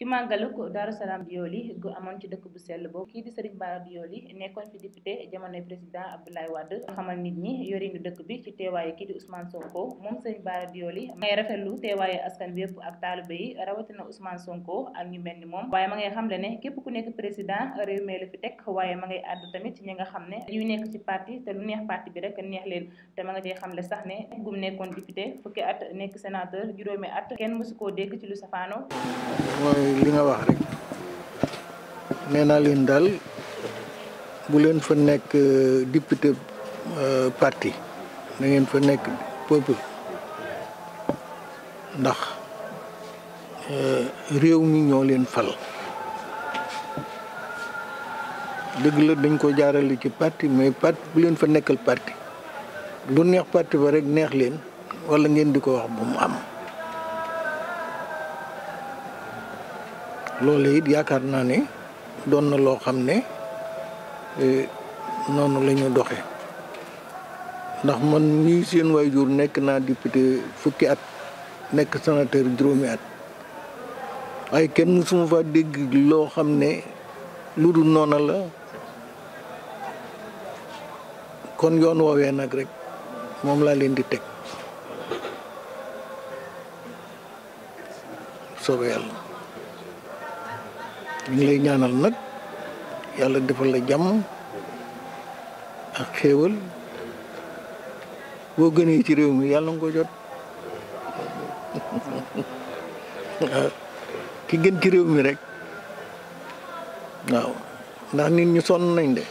ci màggaluk Daaru Salaam Dioli gu amoon ci dëkk bu sell boobu kii di Serigne Bara Dioli nekkoon fi député jamonoy président Abdoulaye Wade xamal nit ñi yorinu dëkk bi ci teewaayu kii di Ousmane Sonko moom Serigne Bara Dioli ma ngay rafetlu teewaayu askan bi yëpp ak taalibe yi rawatina Ousmane Sonko ak ñu mel ni moom waaye ma ngay xamle ne képp ku nekk président réew mi fi teg waaye ma ngay àddu tamit ñi nga xam ne yu nekk ci parti te lu bi rek neex leen te ma nga cee xamle sax ne gum nekkoon député fukki at nekk sénateur juróomi at kenn mësu koo dégg ci lu safaano li nga wax rek nee naa leen daal bu leen fa nekk euh, député euh, parti na ngeen fa nekk peuple ndax euh, réew mi ñoo leen fal dëgg la dañ ko jaarale ci parti mais parti bu leen fa nekkal parti lu neex parti ba rek neex leen walla ngeen di ko wax bu mu am loole it yaakaar naa ne doon na loo xam ne e, noonu la ñu doxe ndax man mii seen waajur nekk naa député fukki at nekk sénateur juróomi at waaye kenn mësuma fa dégg loo xam ne lu dul noona la kon yoon woowee nag rek moom laa leen di teg ñu ngi lay ñaanal nag yàlla defal la jàmm ak xéewal boo gënee ci réew mi yàlla nga jot waaw ki gën ci réew mi rek waaw ndax nit ñu sonn nañ de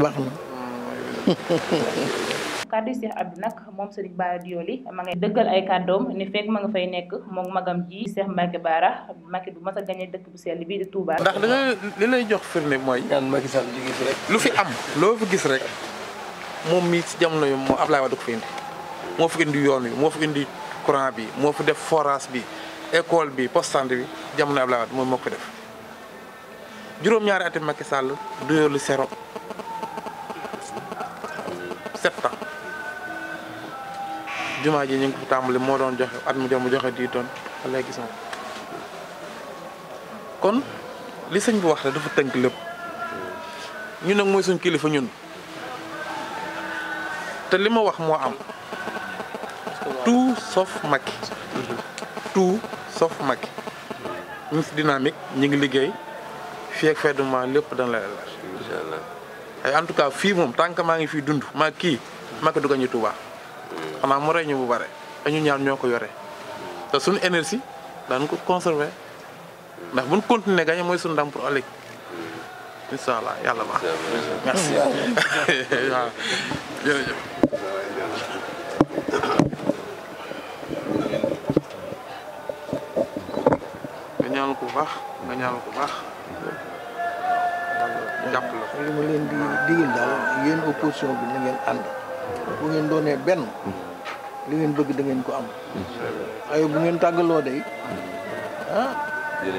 baax na kàddu Cheikh Abdou nag moom Serigne Bara Doly ma ngay dëggal ay kàddoom ni fekk ma nga fay nekk moom magam ji Cheikh Mbacké Bara Macky a gañe dëkk bu sell bi di Touba. ndax li li lay jox firnde mooy. ñaan Macky Sall jigéen lu fi am loo fi gis rek moom mii ci jamono yi moom Ablaye Wade ko fi indi moo fi indi yoon wi moo fu indi courant bi moo fi def forage bi école bi postand bi jamono Ablaye Wade moom moo ko def juróom-ñaari ati Macky Sall du yoolu sero jumaa ji ñu ngi ko tàmbali moo doon joxe at mu jëm mu joxe 10 tonnes ba léegi sama kon li sëñ bi wax rek dafa tënk lépp ñu nag mooy suñ kilifa ñun te li ma wax moo am tout sof Macky tout sof Macky ñu ngi si ñu ngi liggéey fii ak feddument lépp dana la leer. incha allah ay tout cas fii moom tant que maa ngi fii dund maa kii Macky du gañu Touba. xanaa mu rey bu bare dañu ñaar ñoo ko yore te suñu énergie daan ko conserver ndax buñ continuer gagné moy suñu ndam pour ëllëg incha allah yàlla baax merci waaw jërëjëf nga ñaanal ko baax nga ñaanal ko baax jàpp la li ma leen di daal yéen opposition bi na ngeen ànd bu ngeen doonee benn li ngeen bëgg da ngeen ko am waaye bu ngeen tàggaloo day ah. kii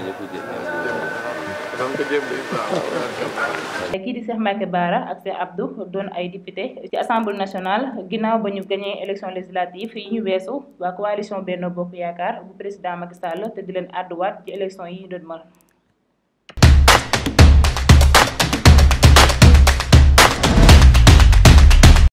di Cheikh Mbacké Bara ak Cheikh Abdou doon ay député ci assemblée national ginnaaw ba ñu gagné élection législative yi ñu weesu waa coalition benn Bokk Yaakaar bu président Macky Sall te di leen àdduwaat ci élection yi ñu doon mal